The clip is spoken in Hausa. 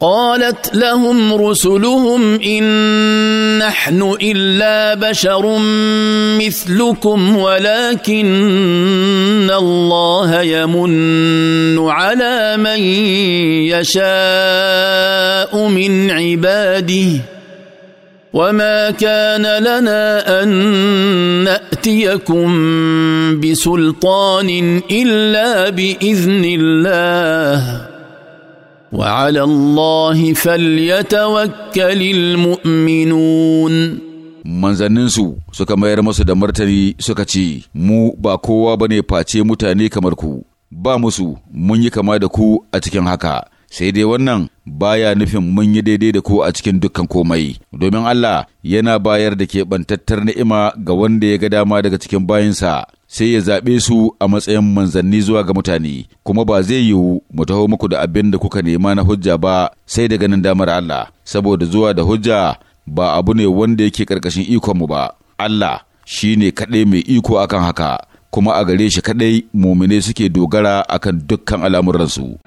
قالت لهم رسلهم ان نحن الا بشر مثلكم ولكن الله يمن على من يشاء من عباده وما كان لنا ان ناتيكم بسلطان الا باذن الله وعلى الله فليتوكل المؤمنون manzanninsu suka mayar masu da martani suka ce, Mu ba kowa ba ne face mutane kamar ku, ba musu mun yi kama da ku a cikin haka, sai dai wannan baya nufin mun yi daidai da ku a cikin dukkan komai, domin Allah yana bayar da keɓantattar ni'ima ga wanda ya ga dama daga cikin bayinsa. sai ya zaɓe su a matsayin manzanni zuwa ga mutane, kuma ba zai yiwu mu taho muku da abin da kuka nema na hujja ba sai da ganin damar Allah, saboda zuwa da hujja ba abu ne wanda yake ƙarƙashin ikonmu ba, Allah shi ne kaɗai mai iko akan haka, kuma a gare shi kaɗai mumine suke dogara akan dukkan al'amuransu.